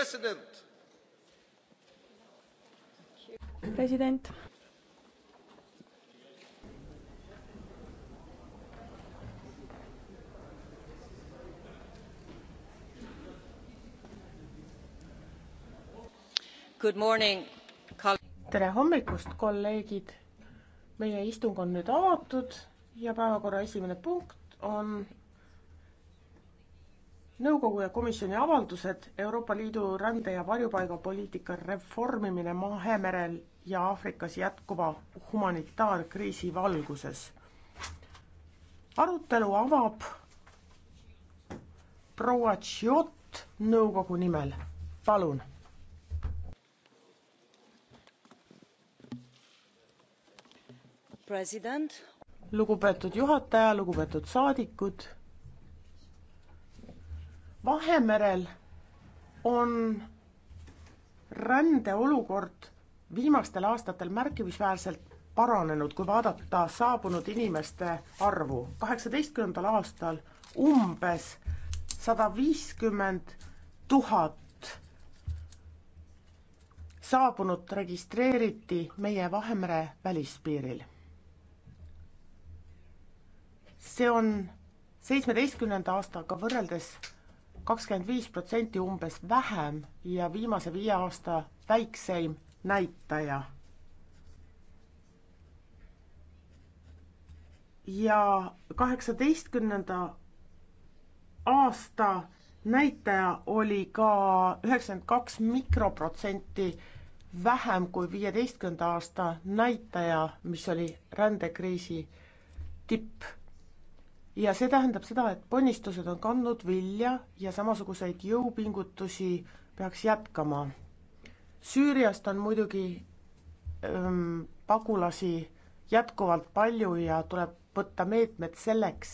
president. president. tere hommikust, kolleegid! meie istung on nüüd avatud ja päevakorra esimene punkt on nõukogu ja komisjoni avaldused Euroopa Liidu rände- ja varjupaigapoliitika reformimine Mahemerel ja Aafrikas jätkuva humanitaarkriisi valguses. arutelu avab proua Tšiot nõukogu nimel, palun. lugupeetud juhataja, lugupeetud saadikud Vahemerel on rändeolukord viimastel aastatel märkimisväärselt paranenud, kui vaadata saabunud inimeste arvu. kaheksateistkümnendal aastal umbes sada viiskümmend tuhat saabunut registreeriti meie Vahemere välispiiril. see on seitsmeteistkümnenda aastaga võrreldes kakskümmend viis protsenti umbes vähem ja viimase viie aasta väikseim näitaja. ja kaheksateistkümnenda aasta näitaja oli ka üheksakümmend kaks mikroprotsenti vähem kui viieteistkümnenda aasta näitaja, mis oli rändekriisi tipp ja see tähendab seda, et ponnistused on kandnud vilja ja samasuguseid jõupingutusi peaks jätkama. Süüriast on muidugi ähm, pagulasi jätkuvalt palju ja tuleb võtta meetmed selleks,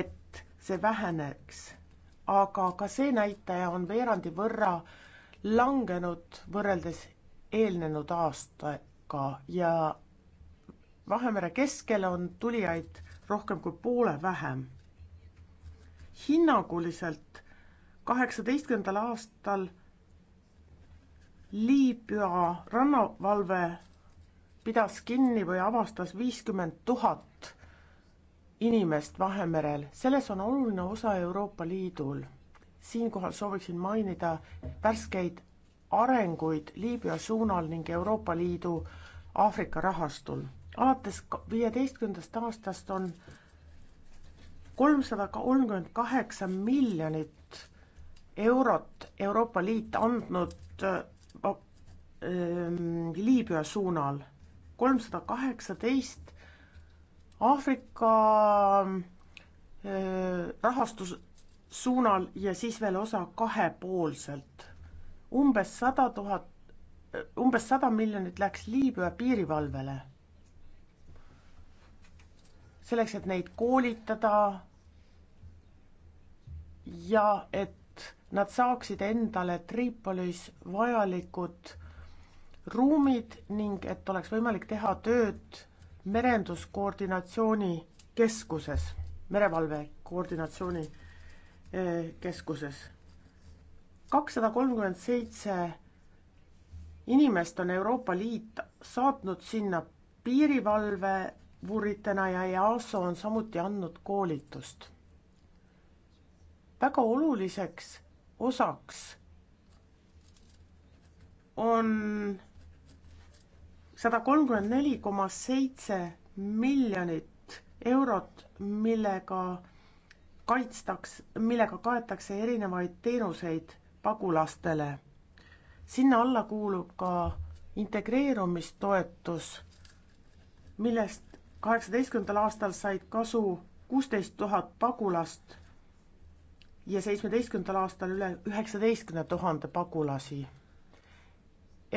et see väheneks. aga ka see näitaja on veerandi võrra langenud võrreldes eelnenud aastaga ja Vahemere keskel on tulijaid rohkem kui poole vähem. hinnanguliselt kaheksateistkümnendal aastal Liibüa rannavalve pidas kinni või avastas viiskümmend tuhat inimest Vahemerel, selles on oluline osa Euroopa Liidul. siinkohal sooviksin mainida värskeid arenguid Liibüa suunal ning Euroopa Liidu Aafrika rahastul alates viieteistkümnendast aastast on kolmsada kolmkümmend kaheksa miljonit eurot Euroopa Liit andnud äh, ähm, Liibüa suunal, kolmsada kaheksateist Aafrika äh, rahastus suunal ja siis veel osa kahepoolselt. umbes sada tuhat, äh, umbes sada miljonit läks Liibüa piirivalvele selleks, et neid koolitada ja et nad saaksid endale Tripolis vajalikud ruumid ning et oleks võimalik teha tööd merenduskoordinatsiooni keskuses, merevalve koordinatsiooni eh, keskuses. kakssada kolmkümmend seitse inimest on Euroopa Liit saatnud sinna piirivalve uuritena ja EASO on samuti andnud koolitust. väga oluliseks osaks on sada kolmkümmend neli koma seitse miljonit eurot, millega kaitstaks, millega kaetakse erinevaid teenuseid pagulastele. sinna alla kuulub ka integreerumistoetus, millest kaheksateistkümnendal aastal said kasu kuusteist tuhat pagulast ja seitsmeteistkümnendal aastal üle üheksateistkümne tuhande pagulasi.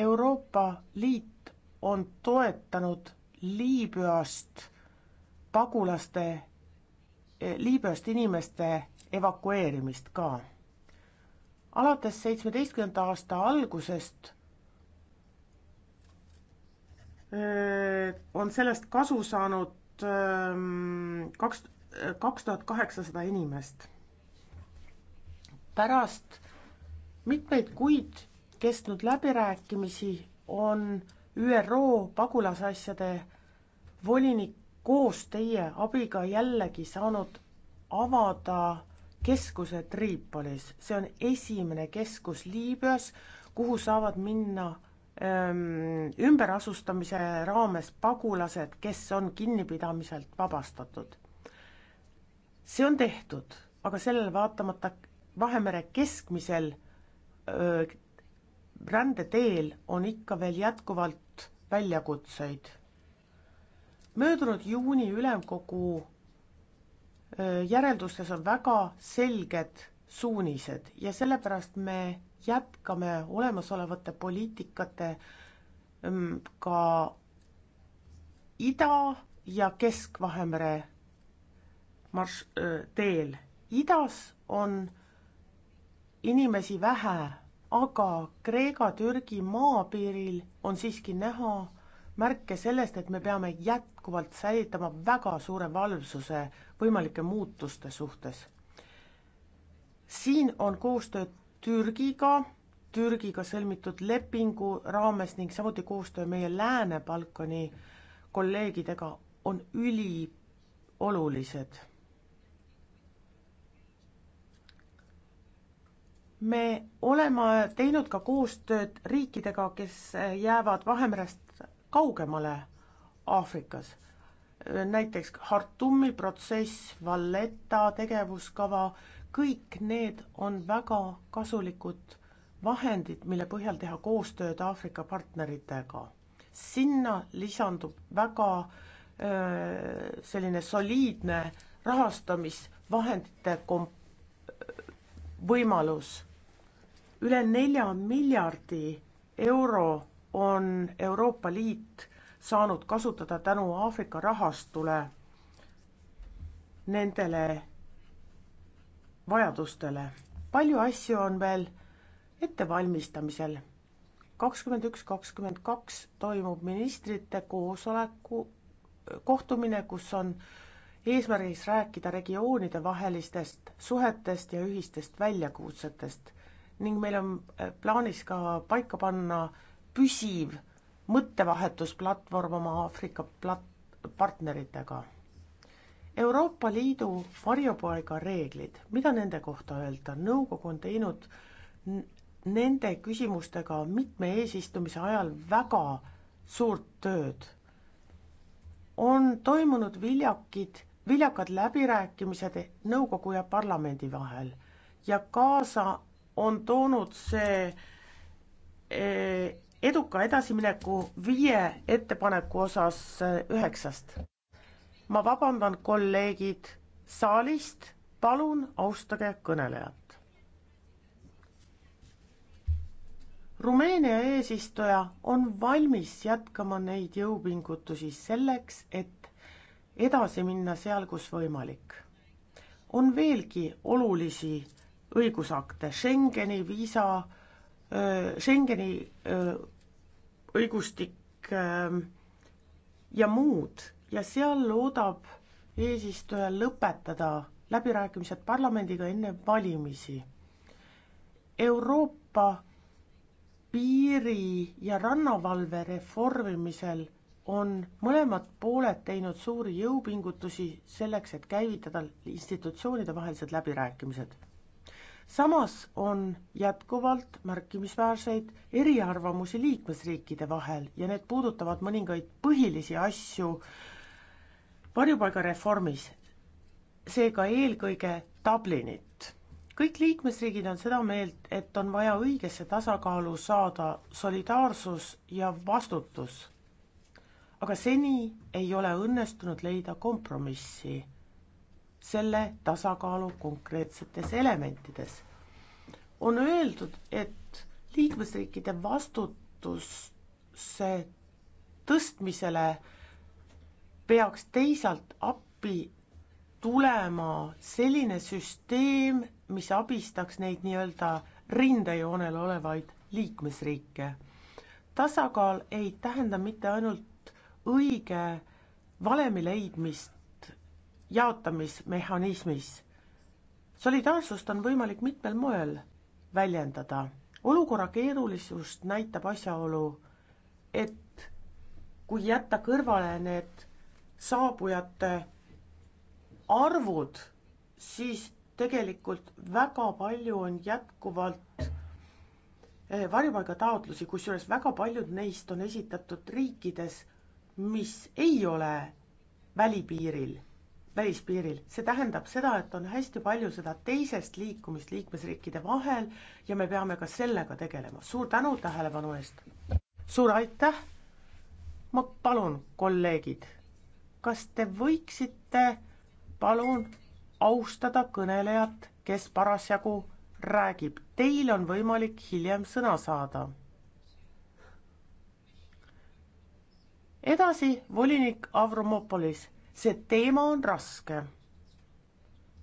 Euroopa Liit on toetanud Liibüast pagulaste, eh, Liibüast inimeste evakueerimist ka. alates seitsmeteistkümnenda aasta algusest on sellest kasu saanud kaks, kaks tuhat kaheksasada inimest. pärast mitmeid kuid kestnud läbirääkimisi on ÜRO pagulasasjade volinik koos teie abiga jällegi saanud avada keskuse Tripolis. see on esimene keskus Liibüas, kuhu saavad minna ümberasustamise raames pagulased, kes on kinnipidamiselt vabastatud. see on tehtud, aga sellele vaatamata Vahemere keskmisel öö, rändeteel on ikka veel jätkuvalt väljakutseid. möödunud juuni ülemkogu öö, järeldustes on väga selged suunised ja sellepärast me jätkame olemasolevate poliitikate mm, ka Ida- ja Kesk-Vahemere marš-, teel. idas on inimesi vähe, aga Kreeka-Türgi maapiiril on siiski näha märke sellest, et me peame jätkuvalt säilitama väga suure valvsuse võimalike muutuste suhtes. siin on koostööd Türgiga, Türgiga sõlmitud lepingu raames ning samuti koostöö meie Lääne-Balkani kolleegidega on üliolulised. me oleme teinud ka koostööd riikidega, kes jäävad Vahemerest kaugemale Aafrikas. näiteks Hartumi protsess, Valletta tegevuskava, kõik need on väga kasulikud vahendid, mille põhjal teha koostööd Aafrika partneritega. sinna lisandub väga öö, selline soliidne rahastamisvahendite komp-, võimalus. üle nelja miljardi euro on Euroopa Liit saanud kasutada tänu Aafrika rahastule nendele vajadustele. palju asju on veel ettevalmistamisel. kakskümmend üks, kakskümmend kaks toimub ministrite koosoleku kohtumine, kus on eesmärgiks rääkida regioonide vahelistest suhetest ja ühistest väljakutsetest ning meil on äh, plaanis ka paika panna püsiv mõttevahetusplatvorm oma Aafrika plat-, partneritega Euroopa Liidu varjupaigareeglid, mida nende kohta öelda, nõukogu on teinud nende küsimustega mitme eesistumise ajal väga suurt tööd. on toimunud viljakid, viljakad läbirääkimised nõukogu ja parlamendi vahel ja kaasa on toonud see eh, eduka edasimineku viie ettepaneku osas eh, üheksast ma vabandan, kolleegid saalist, palun austage kõnelejat. Rumeenia eesistuja on valmis jätkama neid jõupingutusi selleks, et edasi minna seal, kus võimalik. on veelgi olulisi õigusakte, Schengeni viisa, Schengeni õigustik ja muud ja seal loodab eesistuja lõpetada läbirääkimised parlamendiga enne valimisi. Euroopa piiri- ja rannavalve reformimisel on mõlemad pooled teinud suuri jõupingutusi selleks, et käivitada institutsioonide vahelised läbirääkimised. samas on jätkuvalt märkimisväärseid eriarvamusi liikmesriikide vahel ja need puudutavad mõningaid põhilisi asju varjupaigareformis, seega eelkõige Dublinit. kõik liikmesriigid on seda meelt, et on vaja õigesse tasakaalu saada solidaarsus ja vastutus. aga seni ei ole õnnestunud leida kompromissi selle tasakaalu konkreetsetes elementides. on öeldud, et liikmesriikide vastutuse tõstmisele peaks teisalt appi tulema selline süsteem, mis abistaks neid nii-öelda rindejoonel olevaid liikmesriike. tasakaal ei tähenda mitte ainult õige valemi leidmist jaotamismehhanismis. solidaarsust on võimalik mitmel moel väljendada. olukorra keerulisust näitab asjaolu, et kui jätta kõrvale need saabujate arvud, siis tegelikult väga palju on jätkuvalt eh, varjupaigataotlusi, kusjuures väga paljud neist on esitatud riikides, mis ei ole välipiiril, välispiiril. see tähendab seda, et on hästi palju seda teisest liikumist liikmesriikide vahel ja me peame ka sellega tegelema. suur tänu tähelepanu eest! suur aitäh! ma palun, kolleegid kas te võiksite palun austada kõnelejat, kes parasjagu räägib, teil on võimalik hiljem sõna saada. edasi volinik Avramopolis, see teema on raske.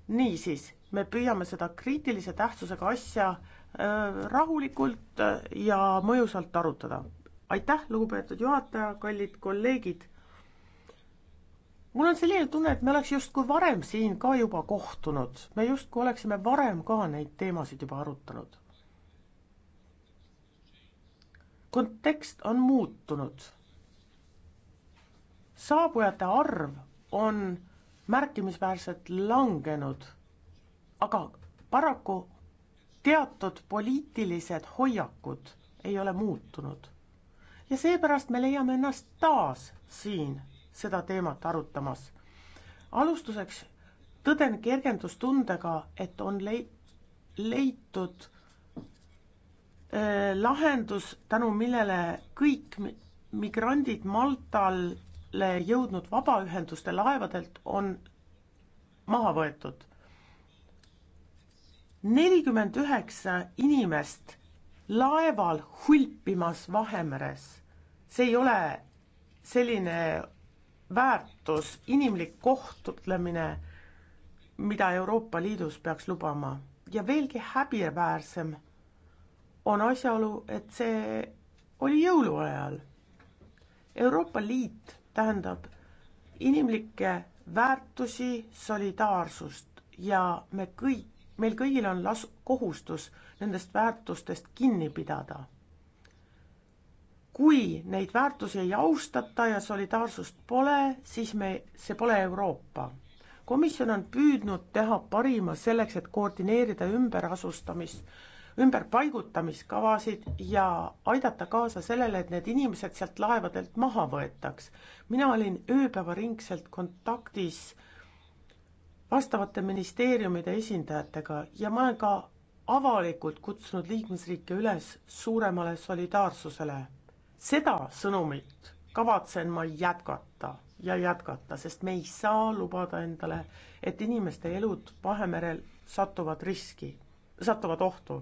niisiis, me püüame seda kriitilise tähtsusega asja äh, rahulikult ja mõjusalt arutada. aitäh, lugupeetud juhataja, kallid kolleegid mul on selline tunne, et me oleks justkui varem siin ka juba kohtunud, me justkui oleksime varem ka neid teemasid juba arutanud. kontekst on muutunud. saabujate arv on märkimisväärselt langenud, aga paraku teatud poliitilised hoiakud ei ole muutunud. ja seepärast me leiame ennast taas siin seda teemat arutamas. alustuseks tõden kergendustundega, et on lei-, leitud äh, lahendus, tänu millele kõik migrandid Maltale jõudnud vabaühenduste laevadelt on maha võetud. nelikümmend üheksa inimest laeval hulpimas Vahemeres, see ei ole selline väärtus, inimlik kohtlemine, mida Euroopa Liidus peaks lubama ja veelgi häbiväärsem on asjaolu, et see oli jõuluajal. Euroopa Liit tähendab inimlikke väärtusi, solidaarsust ja me kõik, meil kõigil on las-, kohustus nendest väärtustest kinni pidada kui neid väärtusi ei austata ja solidaarsust pole, siis me, see pole Euroopa. komisjon on püüdnud teha parima selleks, et koordineerida ümberasustamist, ümberpaigutamiskavasid ja aidata kaasa sellele, et need inimesed sealt laevadelt maha võetaks. mina olin ööpäevaringselt kontaktis vastavate ministeeriumide esindajatega ja ma olen ka avalikult kutsunud liikmesriike üles suuremale solidaarsusele seda sõnumit kavatsen ma jätkata ja jätkata, sest me ei saa lubada endale, et inimeste elud Vahemerel satuvad riski, satuvad ohtu.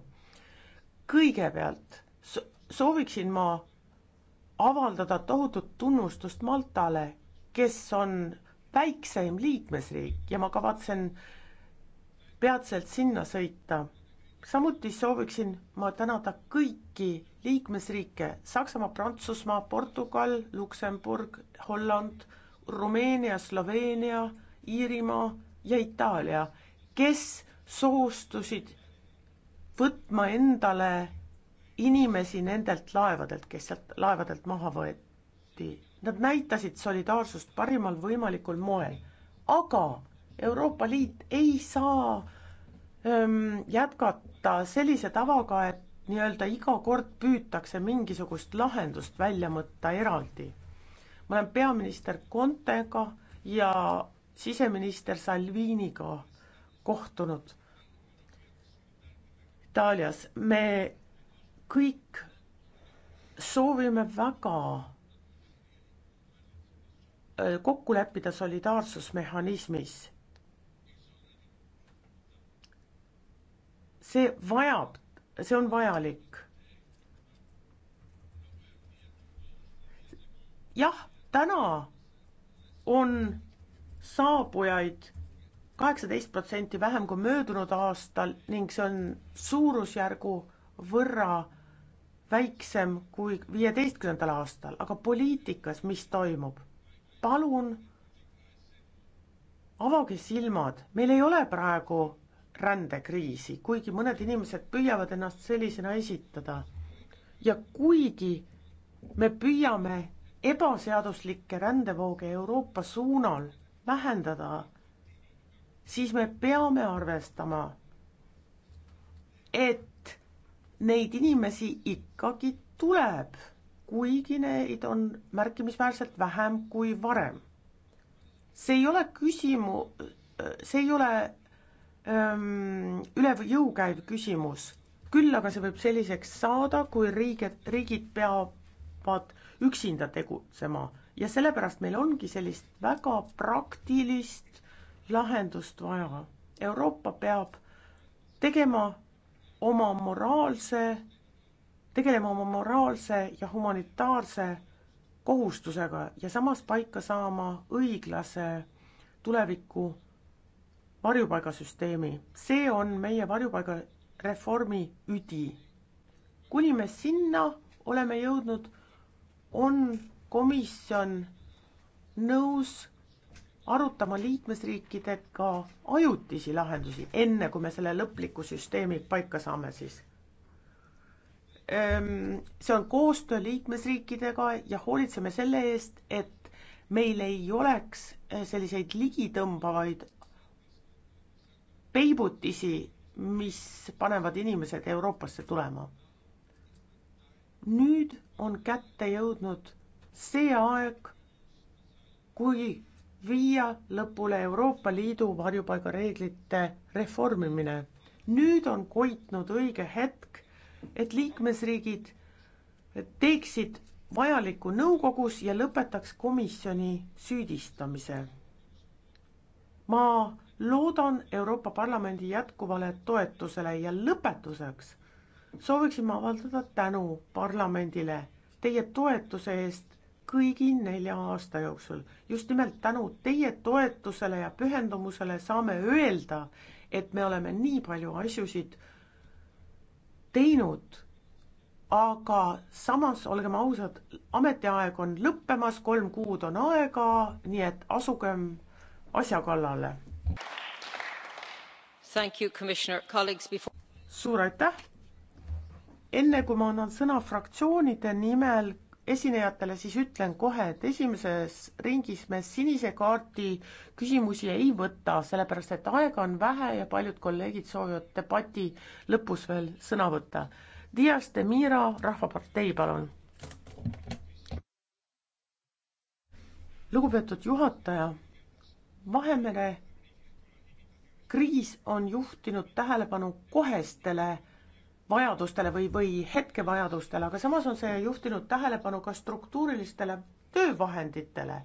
kõigepealt sooviksin ma avaldada tohutut tunnustust Maltale, kes on väikseim liikmesriik ja ma kavatsen peatselt sinna sõita samuti sooviksin ma tänada kõiki liikmesriike Saksamaa, Prantsusmaa, Portugal, Luksemburg, Holland, Rumeenia, Sloveenia, Iirimaa ja Itaalia, kes soostusid võtma endale inimesi nendelt laevadelt, kes sealt laevadelt maha võeti. Nad näitasid solidaarsust parimal võimalikul moel, aga Euroopa Liit ei saa öö, ähm, jätkata jätta sellise tavaga, et nii-öelda iga kord püütakse mingisugust lahendust välja mõtta eraldi. ma olen peaminister Contega ja siseminister Salviniga kohtunud Itaalias. me kõik soovime väga äh, kokku leppida solidaarsusmehhanismis see vajab, see on vajalik. jah, täna on saabujaid kaheksateist protsenti vähem kui möödunud aastal ning see on suurusjärgu võrra väiksem kui viieteistkümnendal aastal, aga poliitikas, mis toimub? palun avage silmad, meil ei ole praegu rändekriisi, kuigi mõned inimesed püüavad ennast sellisena esitada. ja kuigi me püüame ebaseaduslikke rändevooge Euroopa suunal vähendada, siis me peame arvestama, et neid inimesi ikkagi tuleb, kuigi neid on märkimisväärselt vähem kui varem. see ei ole küsimu-, see ei ole üle jõu käiv küsimus, küll aga see võib selliseks saada, kui riigid, riigid peavad üksinda tegutsema ja sellepärast meil ongi sellist väga praktilist lahendust vaja. Euroopa peab tegema oma moraalse, tegelema oma moraalse ja humanitaarse kohustusega ja samas paika saama õiglase tuleviku varjupaigasüsteemi. see on meie varjupaigareformi üdi. kuni me sinna oleme jõudnud, on komisjon nõus arutama liikmesriikidega ajutisi lahendusi, enne kui me selle lõpliku süsteemi paika saame siis. Ehm, see on koostöö liikmesriikidega ja hoolitseme selle eest, et meil ei oleks eh, selliseid ligitõmbavaid peibutisi, mis panevad inimesed Euroopasse tulema. nüüd on kätte jõudnud see aeg, kui viia lõpule Euroopa Liidu varjupaigareeglite reformimine. nüüd on koitnud õige hetk, et liikmesriigid teeksid vajaliku nõukogus ja lõpetaks komisjoni süüdistamise ma loodan Euroopa Parlamendi jätkuvale toetusele ja lõpetuseks sooviksin ma avaldada tänu parlamendile teie toetuse eest kõigi nelja aasta jooksul. just nimelt tänu teie toetusele ja pühendumusele saame öelda, et me oleme nii palju asjusid teinud, aga samas, olgem ausad, ametiaeg on lõppemas, kolm kuud on aega, nii et asugem asja kallale. suur aitäh. enne kui ma annan sõna fraktsioonide nimel esinejatele, siis ütlen kohe, et esimeses ringis me sinise kaardi küsimusi ei võta, sellepärast et aega on vähe ja paljud kolleegid soovivad debati lõpus veel sõna võtta. Dias de Mira, Rahvapartei, palun. lugupeetud juhataja Vahemere kriis on juhtinud tähelepanu kohestele vajadustele või, või hetkevajadustele, aga samas on see juhtinud tähelepanu ka struktuurilistele töövahenditele.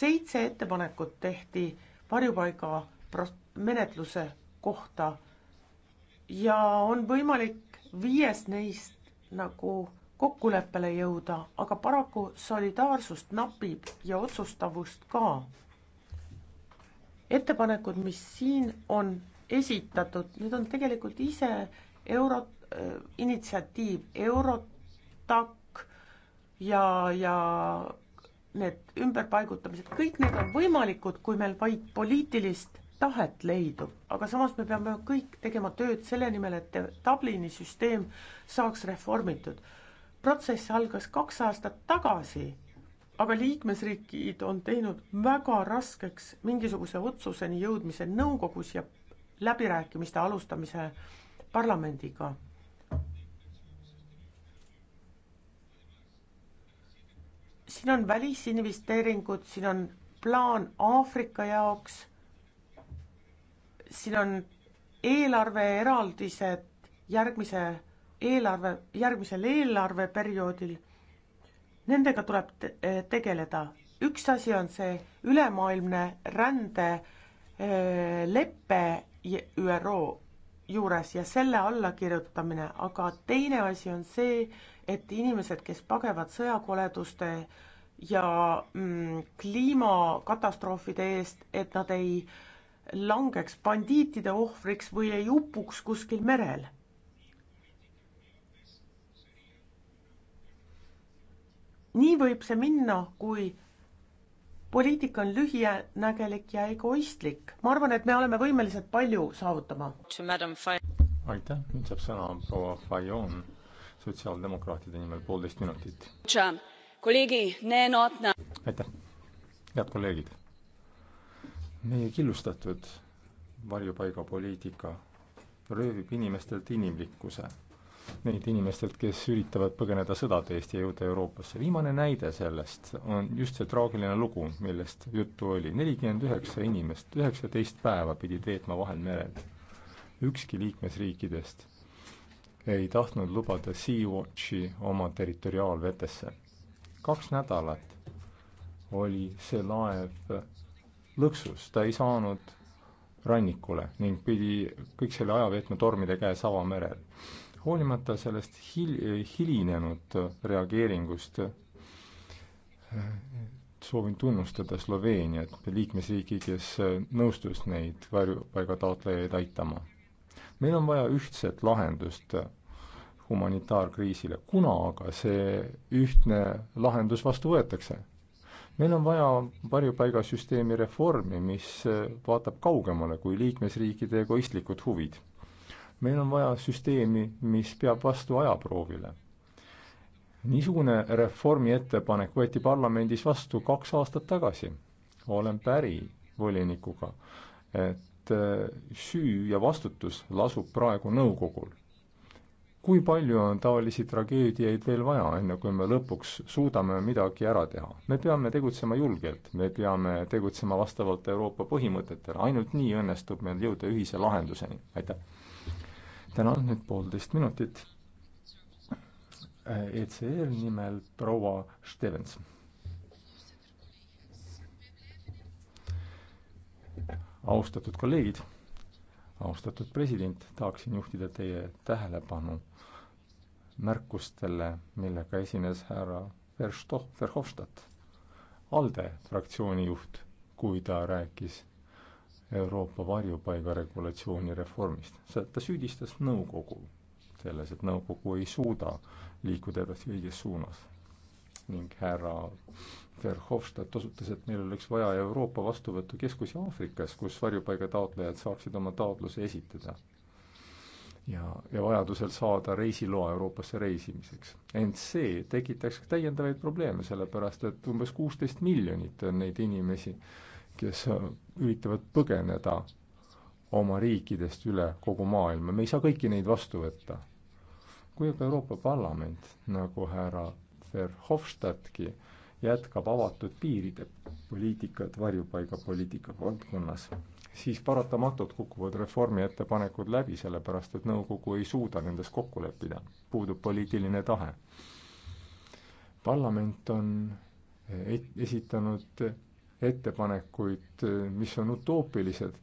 seitse ettepanekut tehti varjupaiga menetluse kohta ja on võimalik viiest neist nagu kokkuleppele jõuda, aga paraku solidaarsust napib ja otsustavust ka ettepanekud, mis siin on esitatud, need on tegelikult ise euro äh,, initsiatiiv Eurotak ja, ja need ümberpaigutamised, kõik need on võimalikud, kui meil vaid poliitilist tahet leidub, aga samas me peame kõik tegema tööd selle nimel, et Dublini süsteem saaks reformitud. protsess algas kaks aastat tagasi aga liikmesriigid on teinud väga raskeks mingisuguse otsuseni jõudmise nõukogus ja läbirääkimiste alustamise parlamendiga. siin on välisinvesteeringud, siin on plaan Aafrika jaoks, siin on eelarveeraldised järgmise eelarve, järgmisel eelarveperioodil nendega tuleb eh, tegeleda. üks asi on see ülemaailmne rändelepe eh, ÜRO juures ja selle allakirjutamine, aga teine asi on see, et inimesed, kes pagevad sõjakoleduste ja mm, kliimakatastroofide eest, et nad ei langeks bandiitide ohvriks või ei upuks kuskil merel nii võib see minna, kui poliitika on lühinägelik ja egoistlik. ma arvan, et me oleme võimelised palju saavutama. aitäh, nüüd saab sõna proua Fajon sotsiaaldemokraatide nimel poolteist minutit. aitäh, head kolleegid. meie killustatud varjupaigapoliitika röövib inimestelt inimlikkuse neid inimestelt, kes üritavad põgeneda sõdade eest ja jõuda Euroopasse. viimane näide sellest on just see traagiline lugu, millest juttu oli. nelikümmend üheksa inimest üheksateist päeva pidid veetma Vahemerel. ükski liikmesriikidest ei tahtnud lubada Sea-Watchi oma territoriaalvetesse. kaks nädalat oli see laev lõksus, ta ei saanud rannikule ning pidi kõik selle aja veetma tormide käes avamerel hoolimata sellest hil-, hilinenud reageeringust soovin tunnustada Sloveeniat, liikmesriigi, kes nõustus neid varjupaigataotlejaid aitama. meil on vaja ühtset lahendust humanitaarkriisile, kuna aga see ühtne lahendus vastu võetakse? meil on vaja varjupaigasüsteemi reformi, mis vaatab kaugemale kui liikmesriikide egoistlikud huvid meil on vaja süsteemi, mis peab vastu ajaproovile. niisugune reformi ettepanek võeti parlamendis vastu kaks aastat tagasi. olen päri volinikuga, et äh, süü ja vastutus lasub praegu nõukogul. kui palju on taolisi tragöödiaid veel vaja, enne kui me lõpuks suudame midagi ära teha? me peame tegutsema julgelt, me peame tegutsema vastavalt Euroopa põhimõtetele, ainult nii õnnestub meil jõuda ühise lahenduseni, aitäh! tänan, nüüd poolteist minutit. ECR nimel proua Stevens. austatud kolleegid, austatud president, tahaksin juhtida teie tähelepanu märkustele, millega esines härra Verstoh-, Verhofstadt, ALDE fraktsiooni juht, kui ta rääkis Euroopa varjupaiga regulatsiooni reformist. ta süüdistas nõukogu selles, et nõukogu ei suuda liikuda edasi õiges suunas. ning härra Verhofstadt osutas, et meil oleks vaja Euroopa vastuvõtukeskusi Aafrikas, kus varjupaigataotlejad saaksid oma taotluse esitada. ja, ja vajadusel saada reisiloa Euroopasse reisimiseks. ent see tekitaks täiendavaid probleeme, sellepärast et umbes kuusteist miljonit on neid inimesi, kes äh, üritavad põgeneda oma riikidest üle kogu maailma, me ei saa kõiki neid vastu võtta. kui aga Euroopa Parlament, nagu härra Verhofstadtki, jätkab avatud piiride poliitikat varjupaigapoliitika valdkonnas, siis paratamatult kukuvad reformi ettepanekud läbi, sellepärast et nõukogu ei suuda nendes kokku leppida, puudub poliitiline tahe. parlament on eh, esitanud ettepanekuid, eh, mis on utoopilised,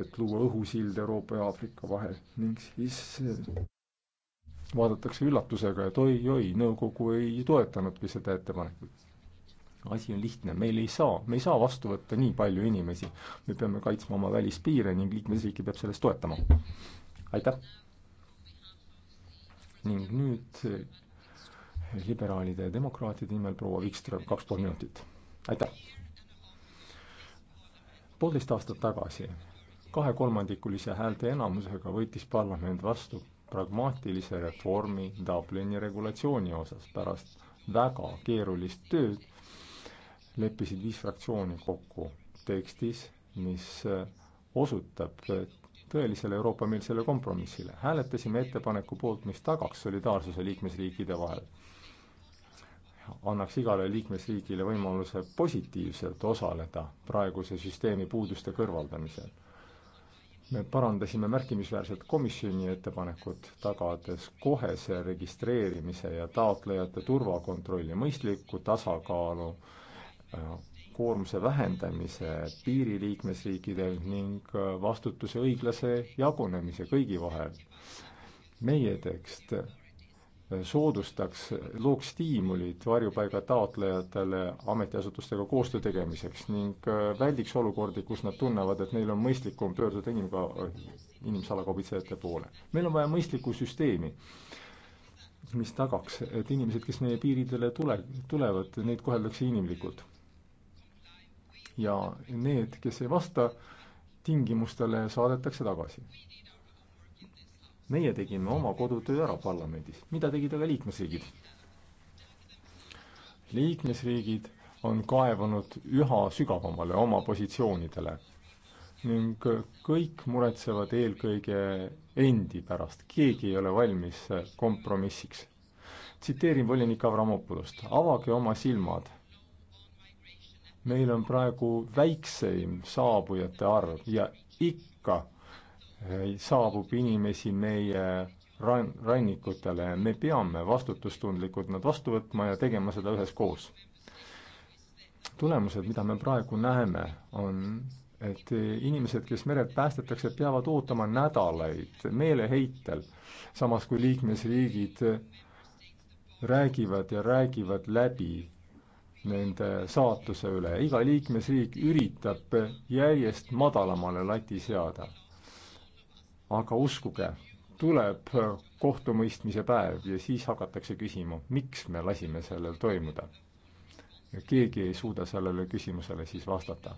et luua õhusild Euroopa ja Aafrika vahel ning siis eh, vaadatakse üllatusega, et oi-oi, nõukogu ei toetanudki seda ettepanekut. asi on lihtne, meil ei saa, me ei saa vastu võtta nii palju inimesi. me peame kaitsma oma välispiire ning liikmesriiki peab selles toetama. aitäh! ning nüüd eh, liberaalide ja demokraatide nimel proua Vikström, kaks pool minutit. aitäh! poolteist aastat tagasi kahekolmandikulise häälteenamusega võitis parlament vastu pragmaatilise reformi Dublini regulatsiooni osas. pärast väga keerulist tööd leppisid viis fraktsiooni kokku tekstis, mis osutab tõelisele Euroopa-meelsele kompromissile. hääletasime ettepaneku poolt, mis tagaks solidaarsuse liikmesriikide vahel annaks igale liikmesriigile võimaluse positiivselt osaleda praeguse süsteemi puuduste kõrvaldamisel. me parandasime märkimisväärselt komisjoni ettepanekut, tagades kohese registreerimise ja taotlejate turvakontrolli mõistliku tasakaalu äh, koormuse vähendamise piiri liikmesriikidel ning äh, vastutuse õiglase jagunemise kõigi vahel. meie tekst soodustaks, looks stiimulid varjupaiga taotlejatele ametiasutustega koostöö tegemiseks ning äh, väldiks olukordi, kus nad tunnevad, et neil on mõistlikum pöörduda inimka-, inimsalakaubitsejate poole. meil on vaja mõistlikku süsteemi, mis tagaks, et inimesed, kes meie piiridele tule, tulevad, neid koheldakse inimlikult. ja need, kes ei vasta tingimustele, saadetakse tagasi meie tegime oma kodutöö ära parlamendis, mida tegid aga liikmesriigid? liikmesriigid on kaevanud üha sügavamale oma positsioonidele ning kõik muretsevad eelkõige endi pärast, keegi ei ole valmis kompromissiks. tsiteerin volinik Avramopoulost, avage oma silmad. meil on praegu väikseim saabujate arv ja ikka saabub inimesi meie ran-, rannikutele ja me peame vastutustundlikult nad vastu võtma ja tegema seda üheskoos. tulemused, mida me praegu näeme, on, et inimesed, kes merelt päästetakse, peavad ootama nädalaid meeleheitel, samas kui liikmesriigid räägivad ja räägivad läbi nende saatuse üle. iga liikmesriik üritab järjest madalamale lati seada aga uskuge, tuleb kohtumõistmise päev ja siis hakatakse küsima, miks me lasime sellel toimuda. ja keegi ei suuda sellele küsimusele siis vastata.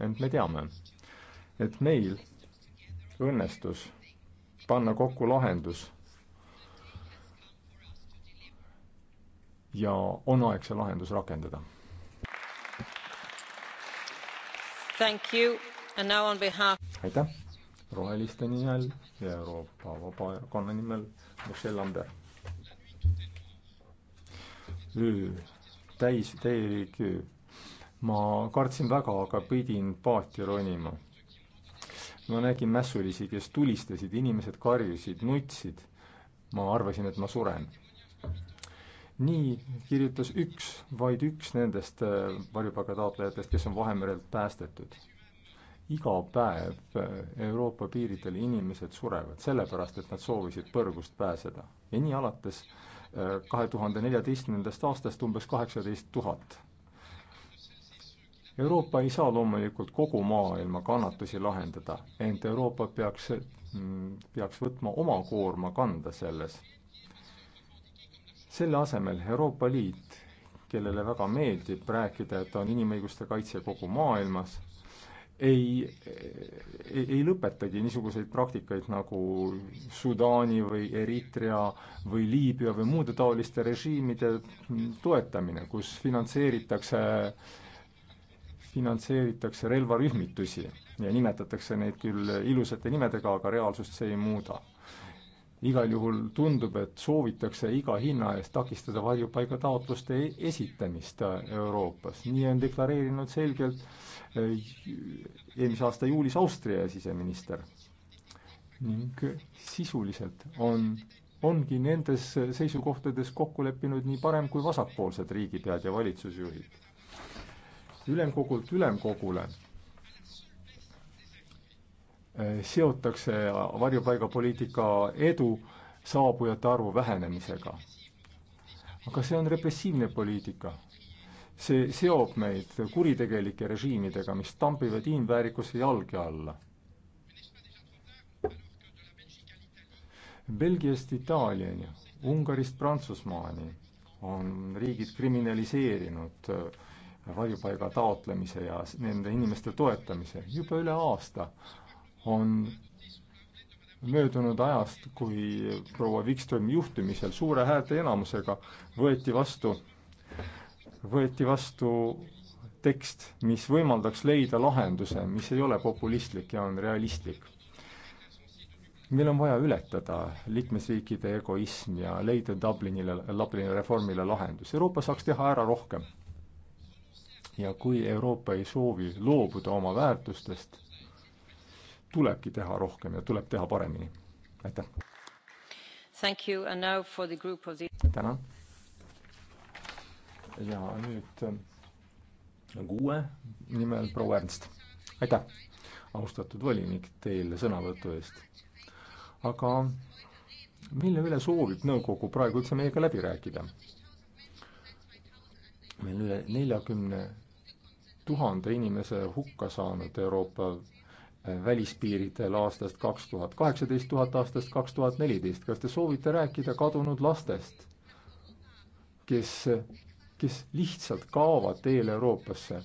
ent me teame, et meil õnnestus panna kokku lahendus ja on aeg see lahendus rakendada. aitäh! roheliste nimel ja Euroopa Vabaerakonna nimel Michel Lambert. öö, täis, täielik öö. ma kartsin väga, aga pidin paati ronima. ma nägin mässulisi, kes tulistasid, inimesed karjusid, nutsid. ma arvasin, et ma suren. nii kirjutas üks, vaid üks nendest äh, varjupaigataotlejatest, kes on Vahemerelt päästetud iga päev eh, Euroopa piiridel inimesed surevad sellepärast, et nad soovisid põrgust pääseda. ja nii alates eh, kahe tuhande neljateistkümnendast aastast umbes kaheksateist tuhat. Euroopa ei saa loomulikult kogu maailma kannatusi lahendada, ent Euroopa peaks, mm, peaks võtma oma koorma kanda selles. selle asemel Euroopa Liit, kellele väga meeldib rääkida, et on inimõiguste kaitse kogu maailmas, ei, ei, ei lõpetagi niisuguseid praktikaid nagu Sudaani või Eritrea või Liibüa või muude taoliste režiimide toetamine, kus finantseeritakse, finantseeritakse relvarühmitusi ja nimetatakse neid küll ilusate nimedega, aga reaalsust see ei muuda igal juhul tundub, et soovitakse iga hinna eest takistada varjupaigataotluste esitamist Euroopas. nii on deklareerinud selgelt eh, eelmise aasta juulis Austria siseminister. ning sisuliselt on, ongi nendes seisukohtades kokku leppinud nii parem- kui vasakpoolsed riigipead ja valitsusjuhid. ülemkogult ülemkogule seotakse varjupaigapoliitika edu saabujate arvu vähenemisega. aga see on repressiivne poliitika. see seob meid kuritegelike režiimidega, mis tambivad inimväärikuse jalge alla. Belgiast Itaaliani, Ungarist Prantsusmaani on riigid kriminaliseerinud äh, varjupaiga taotlemise ja nende inimeste toetamise juba üle aasta on möödunud ajast, kui proua Wikströmi juhtimisel suure häälteenamusega võeti vastu, võeti vastu tekst, mis võimaldaks leida lahenduse, mis ei ole populistlik ja on realistlik. meil on vaja ületada liikmesriikide egoism ja leida Dublinile, Dublini reformile lahendus. Euroopa saaks teha ära rohkem. ja kui Euroopa ei soovi loobuda oma väärtustest, tulebki teha rohkem ja tuleb teha paremini. aitäh! tänan! ja nüüd ähm, kuue nimel proua Ernst. aitäh, austatud volinik, teile sõnavõtu eest. aga mille üle soovib nõukogu praegu üldse meiega läbi rääkida? meil üle neljakümne tuhande inimese hukka saanud Euroopa välispiiridel aastast kaks tuhat kaheksateist, tuhat aastast kaks tuhat neliteist. kas te soovite rääkida kadunud lastest, kes, kes lihtsalt kaovad teel Euroopasse?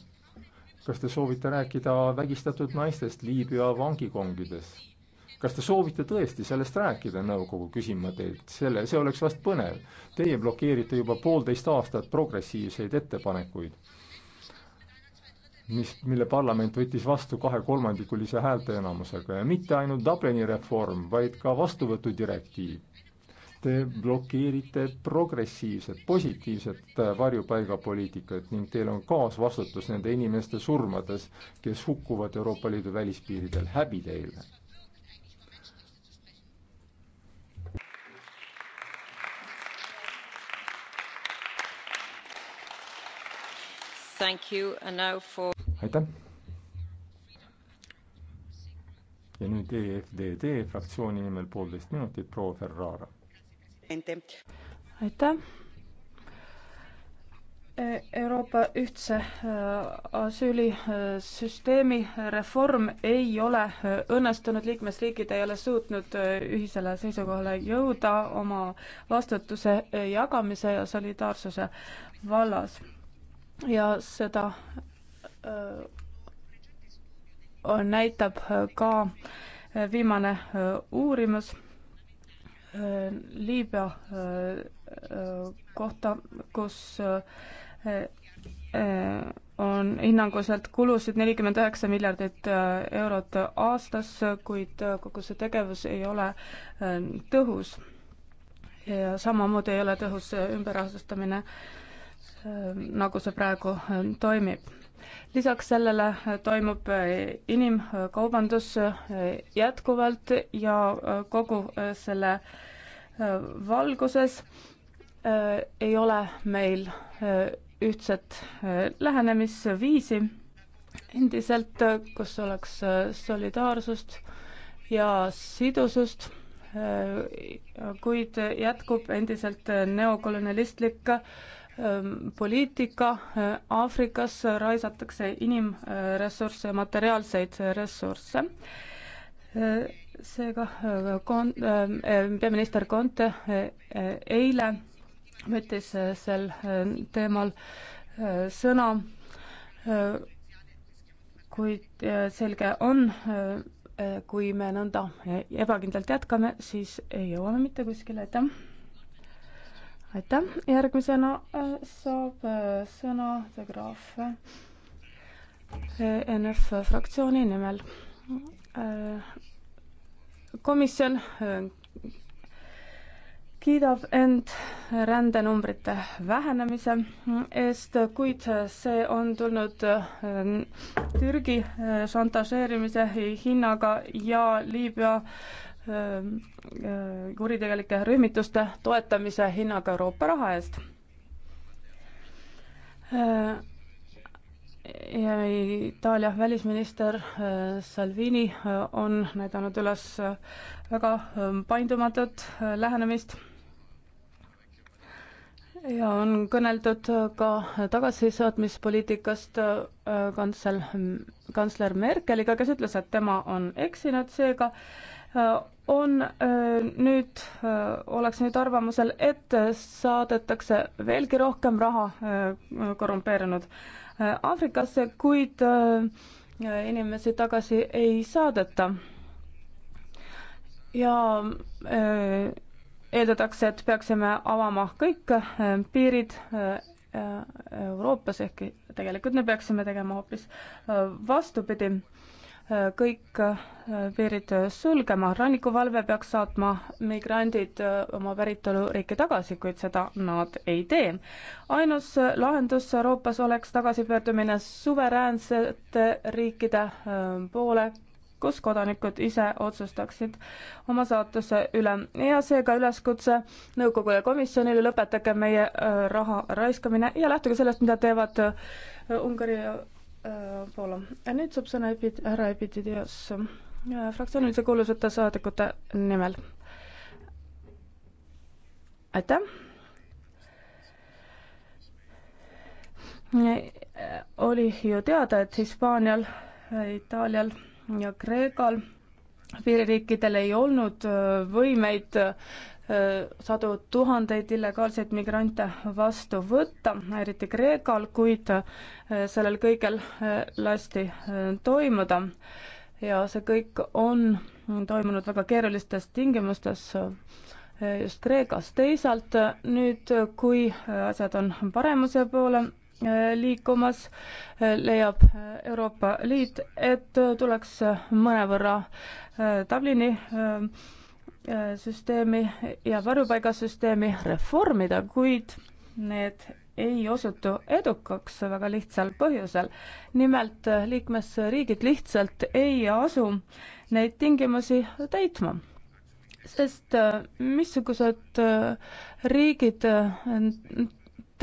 kas te soovite rääkida vägistatud naistest Liibüa vangikongides? kas te soovite tõesti sellest rääkida, nõukogu, küsin ma teilt, selle, see oleks vast põnev. Teie blokeerite juba poolteist aastat progressiivseid ettepanekuid mis, mille parlament võttis vastu kahekolmandikulise häälteenamusega ja mitte ainult Dublini reform, vaid ka vastuvõtudirektiiv. Te blokeerite progressiivset, positiivset varjupaigapoliitikat ning teil on kaasvastutus nende inimeste surmades, kes hukkuvad Euroopa Liidu välispiiridel, häbi teile! For aitäh! ja nüüd EFDD fraktsiooni nimel poolteist minutit, proua Ferrara. aitäh! E, Euroopa ühtse e, asüülisüsteemi reform ei ole e, õnnestunud, liikmesriigid ei ole suutnud ühisele seisukohale jõuda oma vastutuse jagamise ja solidaarsuse vallas. ja seda Äh, äh, näitab äh, ka viimane uurimus Liibüa kohta, kus on hinnanguliselt kulusid nelikümmend üheksa miljardit eurot aastas, kuid kogu see tegevus ei ole tõhus. ja samamoodi ei ole tõhus ümberrasustamine, nagu see praegu toimib lisaks sellele toimub äh, inimkaubandus äh, jätkuvalt ja äh, kogu selle valguses ei ole meil ühtset lähenemisviisi endiselt, kus oleks solidaarsust ja sidusust kuid jätkub endiselt neokolonialistlik Ehm, poliitika, eh, Aafrikas raisatakse inimressursse, materiaalseid ressursse. Eh, seega eh, kon-, peaminister Conte eile võttis sel teemal sõna, kuid selge on, kui me nõnda ebakindlalt jätkame, siis ei jõua me mitte kuskile, aitäh! aitäh, järgmisena äh, saab äh, sõna De Graaf äh, NF fraktsiooni nimel. komisjon kiidab end rändenumbrite vähenemise eest, kuid see on tulnud Türgi šantažeerimise hinnaga ja Liibüa kuritegelike rühmituste toetamise hinnaga Euroopa raha eest. ja Itaalia välisminister Salvini on näidanud üles väga paindumatut lähenemist ja on kõneldud ka tagasisaatmispoliitikast kantsler, kantsler Merkeliga, kes ütles, et tema on eksinud, seega on nüüd, oleks nüüd arvamusel, et saadetakse veelgi rohkem raha korrumpeerunud Aafrikasse, kuid inimesi tagasi ei saadeta. ja eeldatakse, et peaksime avama kõik piirid Euroopas, ehkki tegelikult me peaksime tegema hoopis vastupidi kõik äh, piirid äh, sulgema. rannikuvalve peaks saatma migrandid äh, oma päritoluriiki tagasi, kuid seda nad ei tee. ainus lahendus Euroopas oleks tagasipöördumine suveräänsete riikide poole, kus kodanikud ise otsustaksid oma saatuse üle ja seega üleskutse nõukogule ja komisjonile, lõpetage meie raha raiskamine ja lähtuge sellest, mida teevad Ungari ja Äh, Poola. nüüd saab sõna epi-, härra Epitidios äh, fraktsioonilise kuulusate saadikute nimel. aitäh. Äh, oli ju teada, et Hispaanial, Itaalial ja Kreekal piiririikidel ei olnud võimeid sadu tuhandeid illegaalseid migrante vastu võtta, eriti Kreekal, kuid sellel kõigel lasti toimuda. ja see kõik on toimunud väga keerulistes tingimustes just Kreekas. teisalt nüüd, kui asjad on paremuse poole liikumas, leiab Euroopa Liit, et tuleks mõnevõrra Dublini äh, Äh, süsteemi ja varjupaigasüsteemi reformida, kuid need ei osutu edukaks väga lihtsal põhjusel. nimelt äh, liikmesriigid lihtsalt ei asu neid tingimusi täitma sest äh, missugused riigid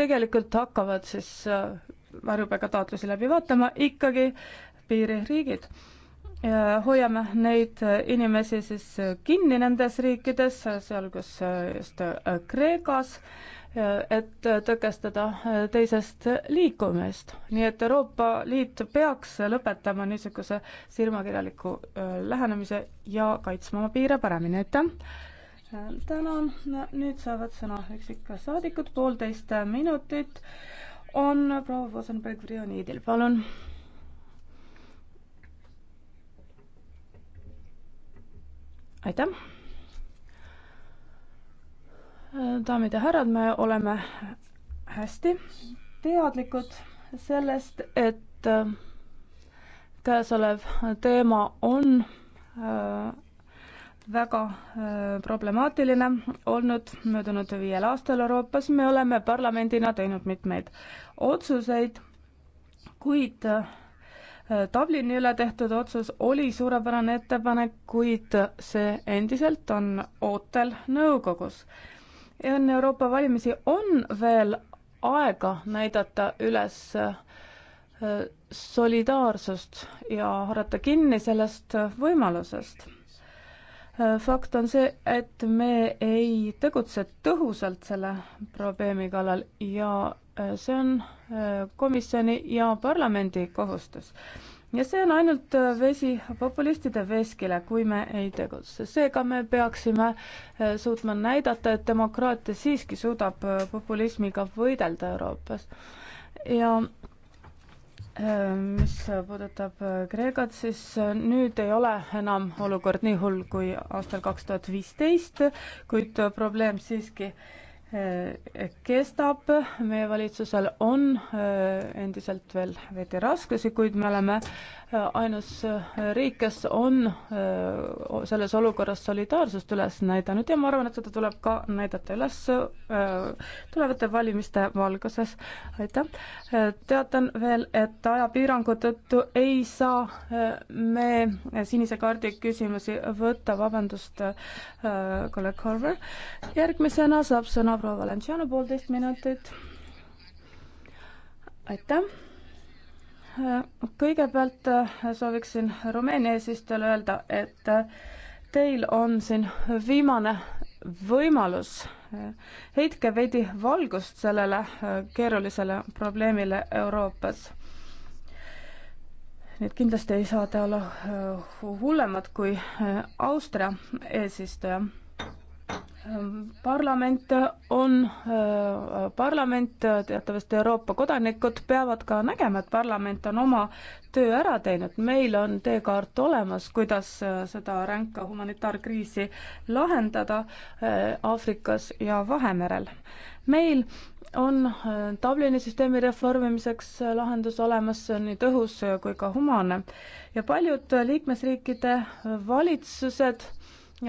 tegelikult hakkavad siis varjupaigataotlusi läbi vaatama, ikkagi piiririigid hoiame neid inimesi siis kinni nendes riikides, sealhulgas äh, just äh, Kreekas, äh, et tõkestada teisest liikumist. nii et Euroopa Liit peaks lõpetama niisuguse silmakirjaliku lähenemise ja kaitsma oma piire paremini, aitäh! tänan, nüüd saavad sõna üksiksaadikud, poolteist minutit on proua Vosenberg-Vrionidil, palun aitäh. daamid ja härrad, me oleme hästi teadlikud sellest, et äh, käesolev teema on äh, väga äh, problemaatiline olnud möödunud viiel aastal Euroopas. me oleme parlamendina teinud mitmeid otsuseid, kuid Äh, Dublini üle tehtud otsus oli suurepärane ettepanek, kuid see endiselt on ootel nõukogus. enne Euroopa valimisi on veel aega näidata üles äh, solidaarsust ja haarata kinni sellest võimalusest. Äh, fakt on see, et me ei tegutse tõhusalt selle probleemi kallal ja Äh, see on äh, komisjoni ja parlamendi kohustus. ja see on ainult äh, vesi populistide veskile, kui me ei tegutse. seega me peaksime suutma näidata, et demokraatia siiski suudab populismiga võidelda Euroopas. ja mis puudutab Kreekat, siis nüüd ei ole enam olukord nii hull kui aastal kaks tuhat viisteist, kuid probleem siiski äh, kestab, meie valitsusel on äh, endiselt veel veidi raskusi, kuid me oleme ainus äh, riik, kes on äh, selles olukorras solidaarsust üles näidanud ja ma arvan, et seda tuleb ka näidata üles äh, tulevate valimiste valguses. aitäh. teatan veel, et ajapiirangu tõttu ei saa me sinise kaardi küsimusi võtta, vabandust, kolleeg Harver. järgmisena saab sõna proua Valenciano, poolteist minutit. aitäh kõigepealt äh, sooviksin Rumeenia eesistujale öelda, et äh, teil on siin viimane võimalus. Äh, heitke veidi valgust sellele keerulisele probleemile Euroopas. nii et kindlasti ei saa te olla hullemad kui Austria eesistuja Ähm, parlament on äh, parlament, teatavasti Euroopa kodanikud peavad ka nägema, et parlament on oma töö ära teinud, meil on teekaart olemas, kuidas äh, seda ränka humanitaarkriisi lahendada äh, Aafrikas ja Vahemerel. meil on Dublini süsteemi reformimiseks lahendus olemas, see on nii tõhus kui ka humaanne ja paljud liikmesriikide valitsused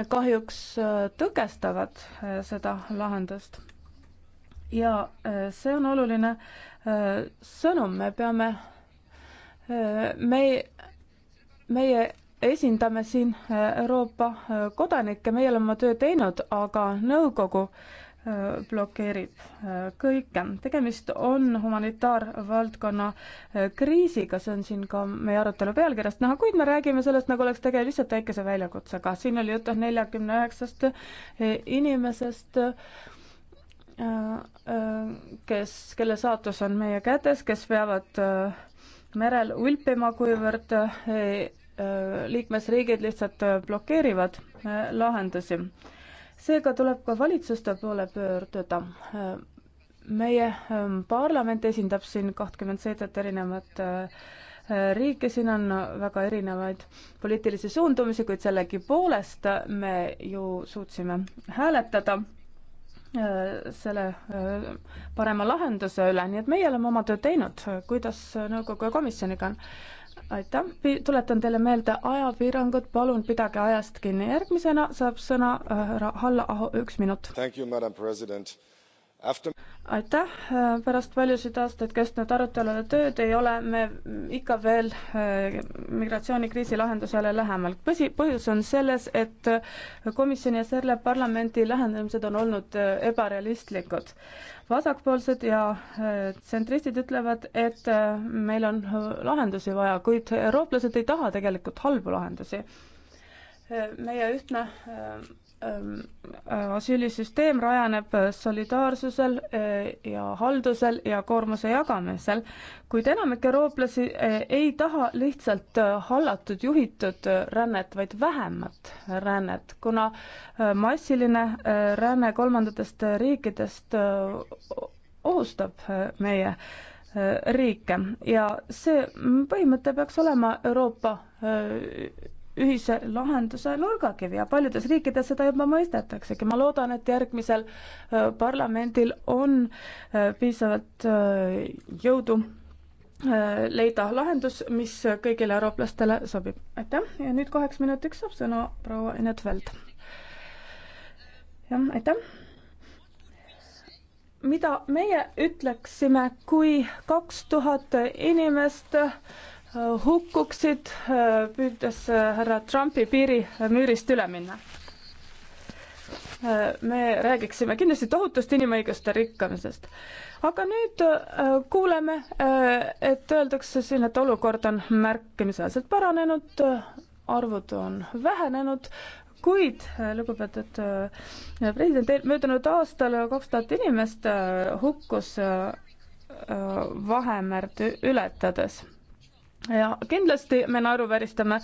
kahjuks äh, tõkestavad äh, seda lahendust. ja äh, see on oluline sõnum, me peame, me, meie esindame siin Euroopa kodanikke, meie oleme oma töö teinud, aga nõukogu äh, blokeerib äh, kõike. tegemist on humanitaarvaldkonna äh, kriisiga, see on siin ka meie arutelu pealkirjast näha, kuid me räägime sellest, nagu oleks tegemist lihtsalt väikese väljakutsega. siin oli juttu neljakümne üheksast äh, inimesest, kes, kelle saatus on meie kätes, kes peavad merel ulpima, kuivõrd liikmesriigid lihtsalt blokeerivad lahendusi seega tuleb ka valitsuste poole pöörduda. meie ähm, parlament esindab siin kahtkümmend seitset erinevat äh, riike, siin on väga erinevaid poliitilisi suundumusi, kuid sellegipoolest me ju suutsime hääletada äh, selle äh, parema lahenduse üle, nii et meie oleme oma töö teinud, kuidas nõukogu ja komisjoniga on aitäh, tuletan teile meelde ajapiirangut, palun pidage ajast kinni. järgmisena saab sõna äh, härra Halla-Aho, üks minut aitäh, pärast paljusid aastaid kestnud arutelude tööd ei ole me ikka veel äh, migratsioonikriisi lahendusele lähemal. põsi, põhjus on selles, et komisjoni ja selle parlamendi lähenemised on olnud äh, ebarealistlikud. vasakpoolsed ja äh, tsentristid ütlevad, et meil on lahendusi vaja, kuid eurooplased ei taha tegelikult halbu lahendusi. meie ühtne Ähm, äh, asüülisüsteem rajaneb solidaarsusel äh, ja haldusel ja koormuse jagamisel, kuid enamik eurooplasi äh, ei taha lihtsalt hallatud, juhitud rännet, vaid vähemat rännet, kuna massiline ränne kolmandatest riikidest ohustab meie riike ja see põhimõte peaks olema Euroopa ühise lahenduse nurgakivi ja paljudes riikides seda juba mõistetaksegi. ma loodan, et järgmisel parlamendil on piisavalt jõudu leida lahendus, mis kõigile eurooplastele sobib. aitäh ja nüüd kaheks minutiks saab sõna proua Enet Veld. jah, aitäh. mida meie ütleksime, kui kaks tuhat inimest hukkuksid, püüdes äh, härra Trumpi piirimüürist üle minna. Äh, me räägiksime kindlasti tohutust inimõiguste rikkamisest. aga nüüd äh, kuuleme, et öeldakse siin, et olukord on märkimisväärselt paranenud, arvud on vähenenud, kuid lugupeetud president, möödunud aastal kaks tuhat inimest hukkus Vahemerd ületades ja kindlasti me naeruvääristame äh,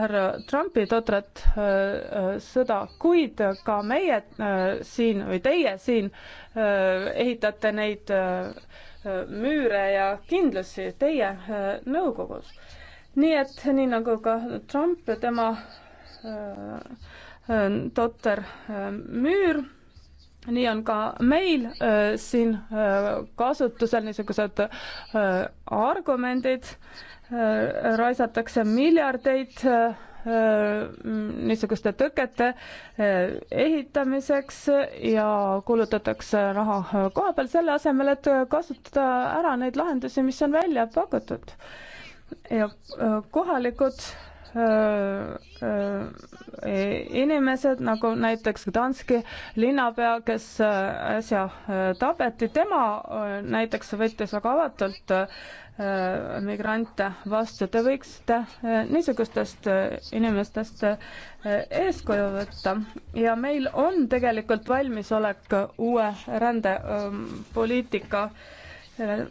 härra Trumpi totrat äh, äh, sõda, kuid ka meie siin või teie siin ehitate neid müüre ja kindlusi teie nõukogus. nii et nii nagu ka Trump ja tema totter müür nii on ka meil äh, siin äh, kasutusel niisugused äh, argumendid äh,, raisatakse miljardeid äh, niisuguste tõkete äh, ehitamiseks ja kulutatakse raha äh, koha peal selle asemel, et kasutada ära neid lahendusi, mis on välja pakutud. ja äh, kohalikud äh, Äh, äh, inimesed, nagu näiteks Gdanski linnapea, kes äh, äsja tapeti, tema näiteks võttis väga avatult migrante vastu, te võiksite niisugustest inimestest eeskuju võtta ja meil on tegelikult valmisolek uue rändepoliitika ähm,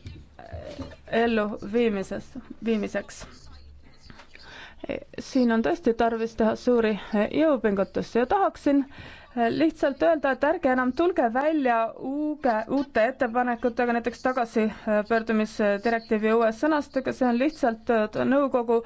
elluviimises, viimiseks siin on tõesti tarvis teha suuri jõupingutusi ja tahaksin eh, lihtsalt öelda, et ärge enam tulge välja uuge, uute ettepanekutega, näiteks tagasipöördumisdirektiivi eh, uue sõnastega, see on lihtsalt eh, nõukogu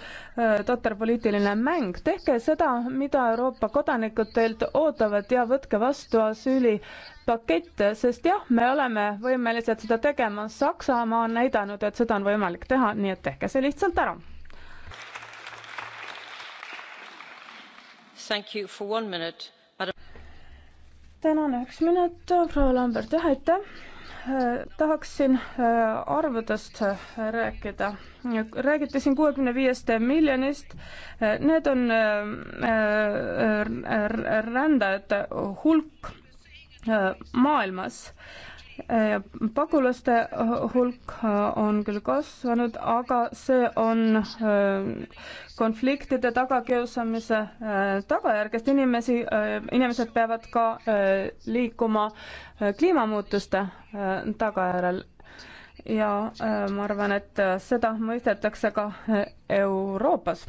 totter poliitiline mäng. tehke seda, mida Euroopa kodanikud teilt ootavad ja võtke vastu asüülipakett, sest jah, me oleme võimelised seda tegema. Saksamaa on näidanud, et seda on võimalik teha, nii et tehke see lihtsalt ära tänan, üks minut, proua Lambert, jah, aitäh äh, tahaksin äh, arvudest äh, rääkida. räägiti siin kuuekümne viiest miljonist. Need on rändajate hulk maailmas pagulaste hulk äh, on küll kasvanud, aga see on äh, konfliktide tagakiusamise äh, tagajärg, sest inimesi, inimesed peavad ka liikuma kliimamuutuste tagajärjel ja ma arvan, et seda mõistetakse ka Euroopas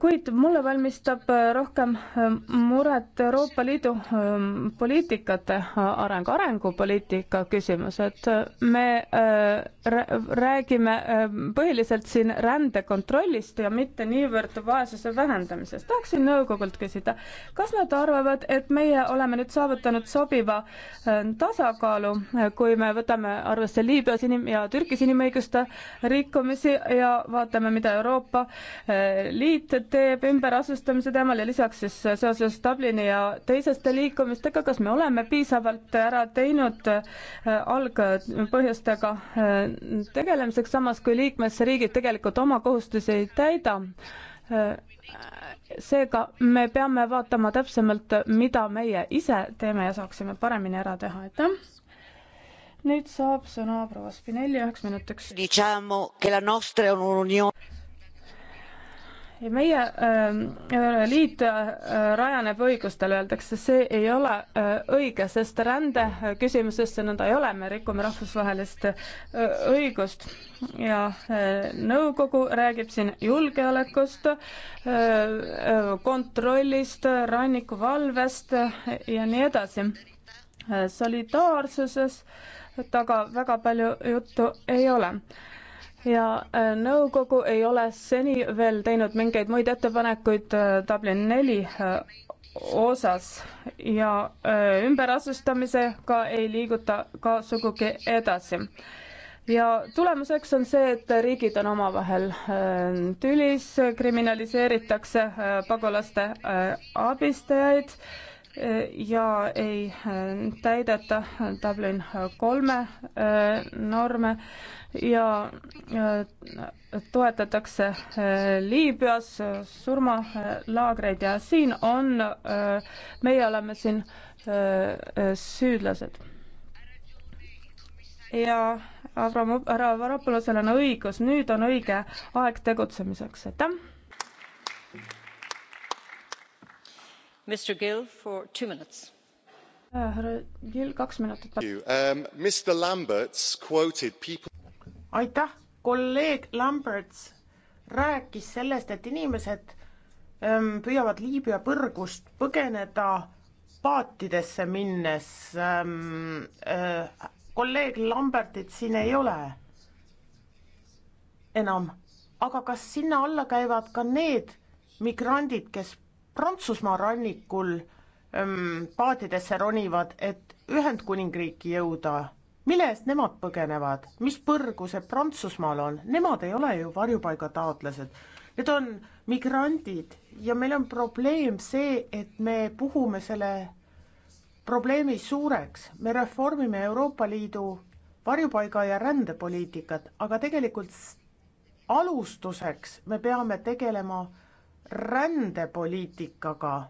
kuid mulle valmistab äh, rohkem äh, muret Euroopa Liidu ähm, poliitikate äh, areng, arengupoliitika küsimus, et me räägime põhiliselt siin rändekontrollist ja mitte niivõrd vaesuse vähendamisest. tahaksin nõukogult küsida, kas nad arvavad, et meie oleme nüüd saavutanud sobiva tasakaalu, kui me võtame arvesse Liibüas inim- ja Türgis inimõiguste rikkumisi ja vaatame, mida Euroopa Liit otsuseid teeb ümberasustamise teemal ja lisaks siis seoses Dublini ja teiseste liikumistega, kas me oleme piisavalt ära teinud äh, algpõhjustega äh, tegelemiseks, samas kui liikmesriigid tegelikult oma kohustusi ei täida? Äh, seega me peame vaatama täpsemalt, mida meie ise teeme ja saaksime paremini ära teha, aitäh. nüüd saab sõna proua Spinelli üheks minutiks meie äh, liit äh, rajaneb õigustel, öeldakse, see ei ole äh, õige, sest rände küsimuses see nõnda ei ole, me rikume rahvusvahelist äh, õigust ja äh, nõukogu räägib siin julgeolekust äh,, äh kontrollist, rannikuvalvest äh, ja nii edasi äh,, solidaarsuses taga väga palju juttu ei ole äh, ja äh, nõukogu ei ole seni veel teinud mingeid muid ettepanekuid äh, Dublin neli äh, osas ja ümberasustamisega ei liiguta ka sugugi edasi. ja tulemuseks on see, et riigid on omavahel tülis, kriminaliseeritakse pagulaste abistajaid ja ei täideta Dublin kolme äh, norme ja äh, toetatakse äh, Liibüas surmalaagreid ja siin on, meie oleme siin süüdlased. ja Avram-, härra Varapalusel on õigus, nüüd on õige aeg tegutsemiseks, aitäh! Äh, härra gill kaks minutit. Um, aitäh! kolleeg lamberts rääkis sellest et inimesed öö, ähm, püüavad liibüa põrgust põgeneda paatidesse minnes. Ähm, äh, kolleeg Lambertit siin ei ole enam, aga kas sinna alla käivad ka need migrandid, kes Prantsusmaa rannikul öm, ähm, paatidesse ronivad, et Ühendkuningriiki jõuda, mille eest nemad põgenevad, mis põrgu see Prantsusmaal on, nemad ei ole ju varjupaigataotlased. Need on migrandid ja meil on probleem see, et me puhume selle probleemi suureks, me reformime Euroopa Liidu varjupaiga ja rändepoliitikat, aga tegelikult alustuseks me peame tegelema rändepoliitikaga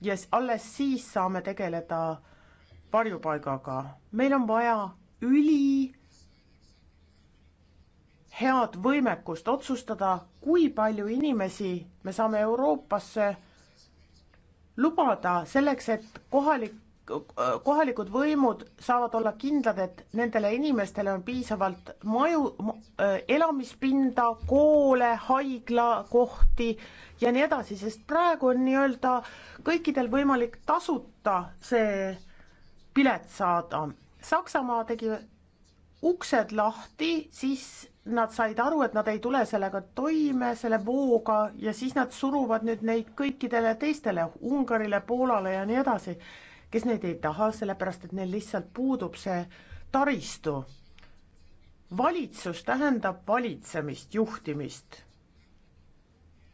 ja alles siis saame tegeleda varjupaigaga. meil on vaja üli head võimekust otsustada, kui palju inimesi me saame Euroopasse lubada selleks, et kohalik Äh, kohalikud võimud saavad olla kindlad, et nendele inimestele on piisavalt maju, äh, elamispinda, koole, haiglakohti ja nii edasi, sest praegu on nii-öelda kõikidel võimalik tasuta see pilet saada. Saksamaa tegi uksed lahti, siis nad said aru, et nad ei tule sellega toime, selle vooga ja siis nad suruvad nüüd neid kõikidele teistele, Ungarile, Poolale ja nii edasi kes neid ei taha, sellepärast et neil lihtsalt puudub see taristu. valitsus tähendab valitsemist, juhtimist.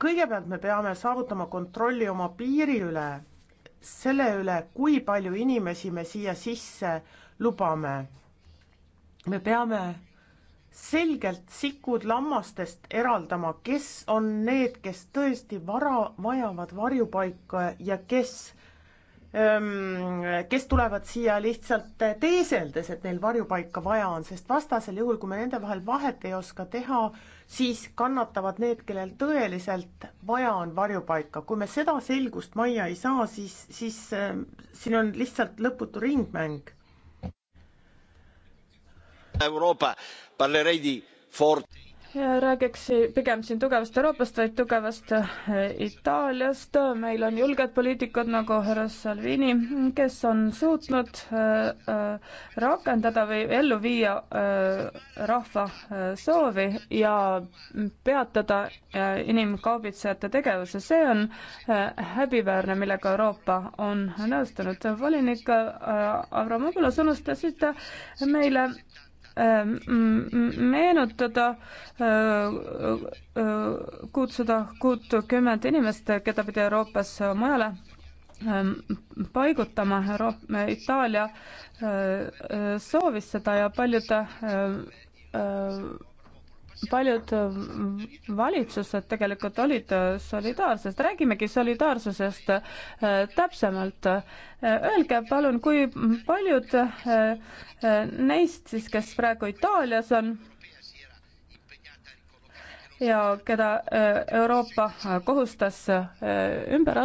kõigepealt me peame saavutama kontrolli oma piiri üle, selle üle, kui palju inimesi me siia sisse lubame. me peame selgelt sikud lammastest eraldama, kes on need, kes tõesti vara, vajavad varjupaika ja kes Ehm, kes tulevad siia lihtsalt teeseldes, et neil varjupaika vaja on, sest vastasel juhul, kui me nende vahel vahet ei oska teha, siis kannatavad need, kellel tõeliselt vaja on varjupaika. kui me seda selgust majja ei saa, siis, siis äh, siin on lihtsalt lõputu ringmäng. Euroopa, parlerei di forti räägiks pigem siin tugevast Euroopast, vaid tugevast eh, Itaaliast. meil on julged poliitikud nagu härra Salvini, kes on suutnud eh, eh, rakendada või ellu viia rahva soovi ja peatada inimkaubitsejate tegevuse. see on häbiväärne, millega Euroopa on nõustunud. volinik Avramopoulos sõnastas meile Ähm, meenutada äh, äh, kuutsada kuutkümmend inimest, keda pidi Euroopas mujale ähm, paigutama, Euroopa, Itaalia äh, soovis seda ja paljude paljud äh, valitsused tegelikult olid äh, solidaarsed, räägimegi solidaarsusest äh, täpsemalt. Öelge palun, kui paljud neist siis, kes praegu Itaalias on, ja keda Euroopa kohustas ümber,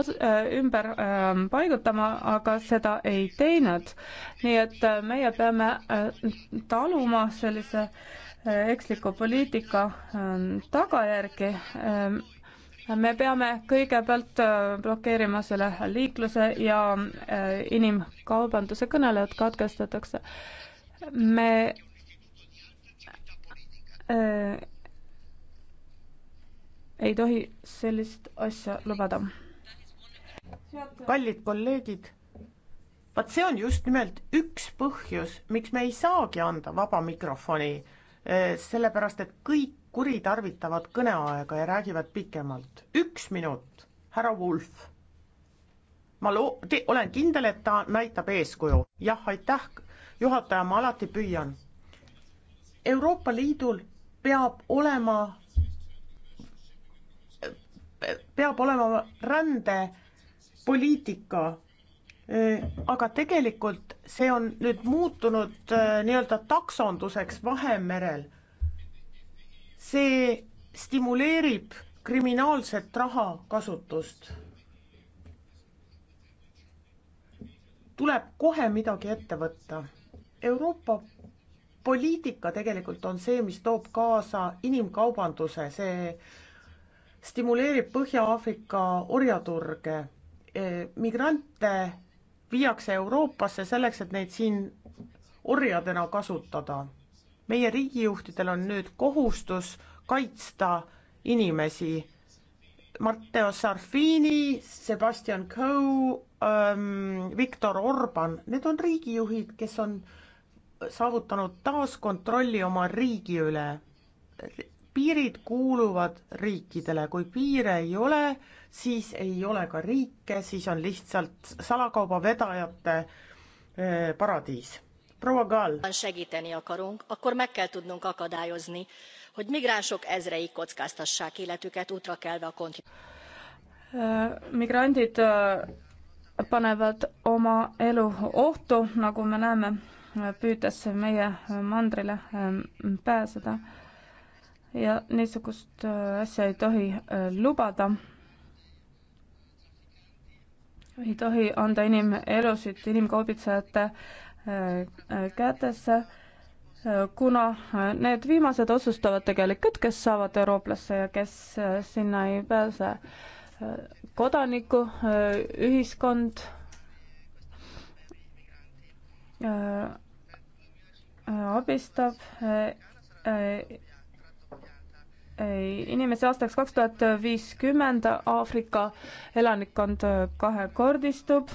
ümber paigutama, aga seda ei teinud. nii et meie peame taluma sellise eksliku poliitika ähm, tagajärgi. Ähm, me peame kõigepealt äh, blokeerima selle liikluse ja äh, inimkaubanduse kõnelejad katkestatakse. me äh, ei tohi sellist asja lubada. kallid kolleegid, vaat see on just nimelt üks põhjus, miks me ei saagi anda vaba mikrofoni Eh, sellepärast et kõik kuritarvitavad kõneaega ja räägivad pikemalt. üks minut, härra Wulf. ma loo-, olen kindel, et ta näitab eeskuju. jah, aitäh, juhataja, ma alati püüan. Euroopa Liidul peab olema, peab olema rändepoliitika Äh, aga tegelikult see on nüüd muutunud äh, nii-öelda taksonduseks Vahemerel. see stimuleerib kriminaalset rahakasutust. tuleb kohe midagi ette võtta. Euroopa poliitika tegelikult on see, mis toob kaasa inimkaubanduse, see stimuleerib Põhja-Aafrika orjaturge, äh, migrante viiakse Euroopasse selleks, et neid siin orjadena kasutada. meie riigijuhtidel on nüüd kohustus kaitsta inimesi. Matteo Sarfini, Sebastian Coe ähm,, Viktor Orban, need on riigijuhid, kes on saavutanud taas kontrolli oma riigi üle piirid kuuluvad riikidele, kui piire ei ole, siis ei ole ka riike, siis on lihtsalt salakaubavedajate eh, paradiis. proua Gall. segíteni akarunk, akkor meg kell tudnunk akadályozni, hogy migránsok ezrei kockáztassák életüket útra kelve a kontin-. Eh, migrandid eh, panevad oma elu ohtu, nagu me näeme, püüdes meie mandrile pääseda ja niisugust äh, asja ei tohi äh, lubada. ei tohi anda inimelusid inimkaubitsejate äh, kätesse, kuna need viimased otsustavad tegelikult, kes saavad eurooplasse ja kes sinna ei pääse. kodanikuühiskond abistab inimesi aastaks kaks tuhat viiskümmend Aafrika elanikkond kahekordistub.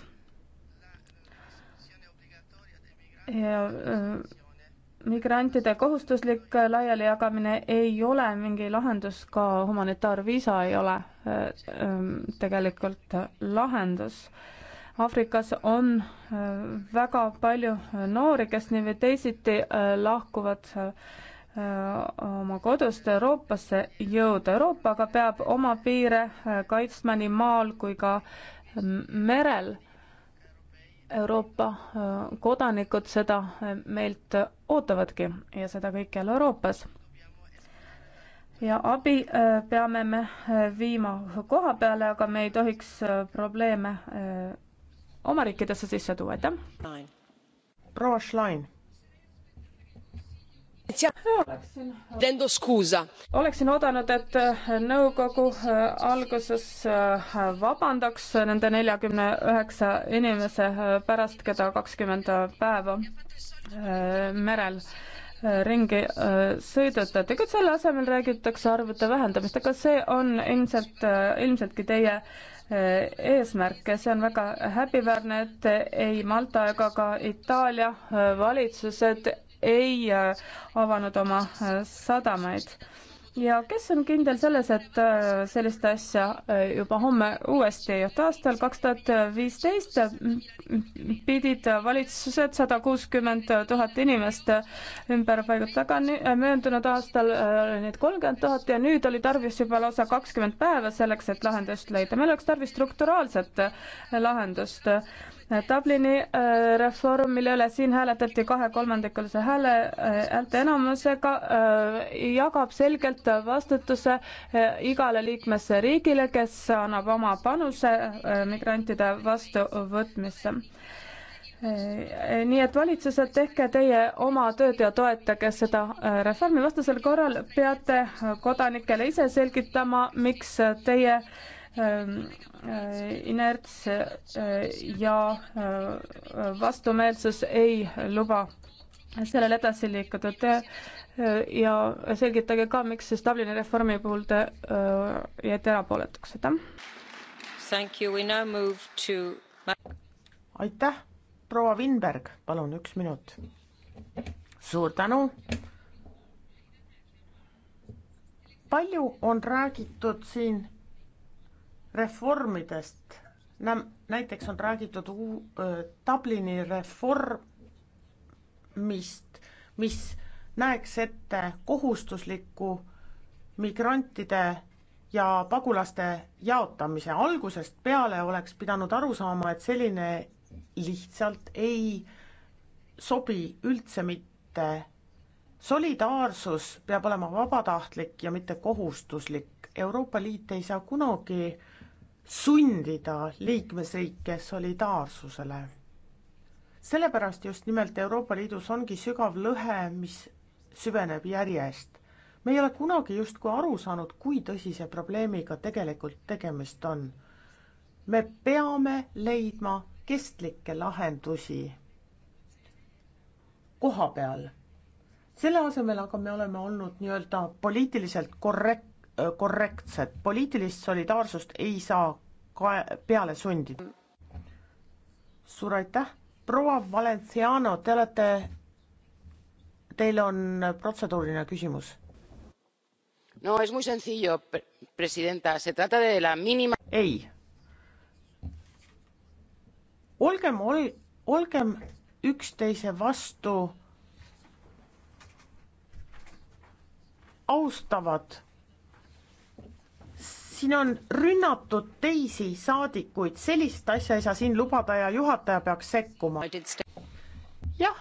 ja äh, migrantide kohustuslik laialijagamine ei ole mingi lahendus, ka humanitaarviisa ei ole äh, ähm, tegelikult lahendus. Aafrikas on äh, väga palju noori, kes nii või teisiti lahkuvad Äh, oma kodust Euroopasse jõuda. Euroopa aga peab oma piire äh, kaitsma nii maal kui ka ähm, merel. Euroopa äh, kodanikud seda meilt ootavadki ja seda kõikjal Euroopas. ja abi peame me viima koha peale, aga me ei tohiks probleeme oma riikidesse sisse tuua, aitäh. proua Schlein oleksin, oleksin oodanud, et äh, nõukogu äh, alguses äh, vabandaks nende neljakümne üheksa inimese pärast, keda kakskümmend päeva merel ringi sõidutati, kuid selle asemel räägitakse arvude vähendamist, aga see on ilmselt, ilmseltki teie eesmärk ja see on väga häbiväärne, et ei Malta ega ka Itaalia valitsused ei äh, avanud oma äh, sadamaid ja kes on kindel selles, et äh, sellist asja juba homme uuesti ei juhtu. aastal kaks tuhat viisteist pidid valitsused sada kuuskümmend tuhat inimest ümber paigutada, möödunud aastal oli neid kolmkümmend tuhat ja nüüd oli tarvis juba lausa kakskümmend päeva selleks, et lahendust leida. meil oleks tarvis strukturaalset lahendust Dublini äh, reform, mille üle siin hääletati kahekolmandikulise hääle, äh, häälteenamusega, äh, jagab selgelt vastutuse igale liikmesriigile, kes annab oma panuse migrantide vastuvõtmisse nii et valitsused, tehke teie oma tööd ja toetage seda reformi, vastasel korral peate kodanikele ise selgitama, miks teie äh, Ähm, äh, inerts äh, ja äh, vastumeelsus ei luba sellel edasi liikuda. Te ja selgitage ka, miks siis Dublini reformi puhul te jäite erapooletuks, aitäh. aitäh, proua Vinberg, palun üks minut. suur tänu. palju on räägitud siin reformidest. näiteks on räägitud uu-, Dublini reformist, mis näeks ette kohustusliku migrantide ja pagulaste jaotamise. algusest peale oleks pidanud aru saama, et selline lihtsalt ei sobi üldse mitte. solidaarsus peab olema vabatahtlik ja mitte kohustuslik. Euroopa Liit ei saa kunagi sundida liikmesriike solidaarsusele. sellepärast just nimelt Euroopa Liidus ongi sügav lõhe, mis süveneb järjest. me ei ole kunagi justkui aru saanud, kui tõsise probleemiga tegelikult tegemist on. me peame leidma kestlikke lahendusi koha peal. selle asemel aga me oleme olnud nii-öelda poliitiliselt korrektne korrektsed, poliitilist solidaarsust ei saa kae-, peale sundida. suur aitäh, proua Valenciano, te olete, teil on protseduuriline küsimus. no es muy sencillo, presidenta, se trata de la mínima. ei. olgem ol-, olgem üksteise vastu austavad siin on rünnatud teisi saadikuid, sellist asja ei saa siin lubada ja juhataja peaks sekkuma. jah,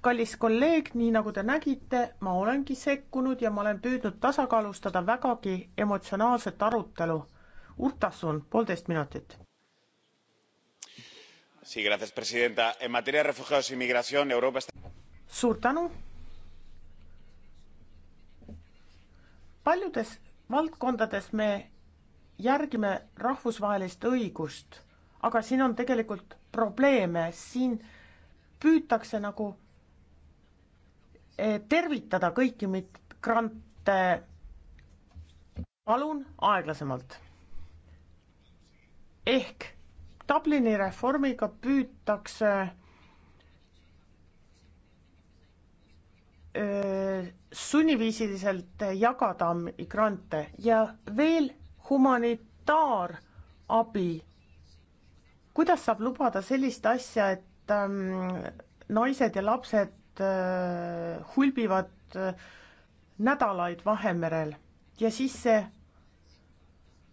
kallis kolleeg, nii nagu te nägite, ma olengi sekkunud ja ma olen püüdnud tasakaalustada vägagi emotsionaalset arutelu. Urtasun, poolteist minutit Sí, gracias, presidenta. En materia de refugiados y e migración, Europa está. Suur tänu. paljudes valdkondades me järgime rahvusvahelist õigust, aga siin on tegelikult probleeme, siin püütakse nagu eh, tervitada kõiki migrante. palun aeglasemalt. ehk Dublini reformiga püütakse öö, eh, sunniviisiliselt jagada migrante ja veel humanitaarabi. kuidas saab lubada sellist asja, et ähm, naised ja lapsed äh, hulbivad äh, nädalaid Vahemerel ja siis see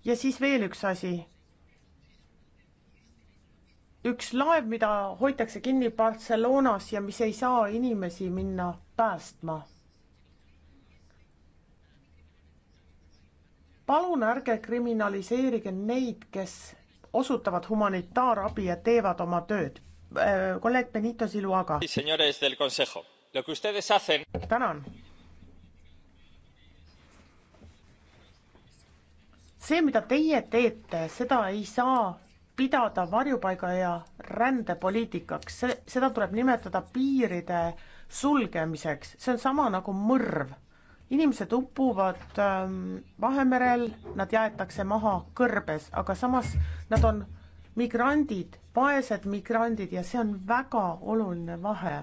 ja siis veel üks asi. üks laev, mida hoitakse kinni Barcelonas ja mis ei saa inimesi minna päästma palun ärge kriminaliseerige neid, kes osutavad humanitaarabi ja teevad oma tööd. Äh, kolleeg Benito Siluaga. tänan. see, mida teie teete, seda ei saa pidada varjupaiga ja rändepoliitikaks, seda tuleb nimetada piiride sulgemiseks, see on sama nagu mõrv inimesed upuvad ähm, Vahemerel, nad jäetakse maha kõrbes, aga samas nad on migrandid, vaesed migrandid ja see on väga oluline vahe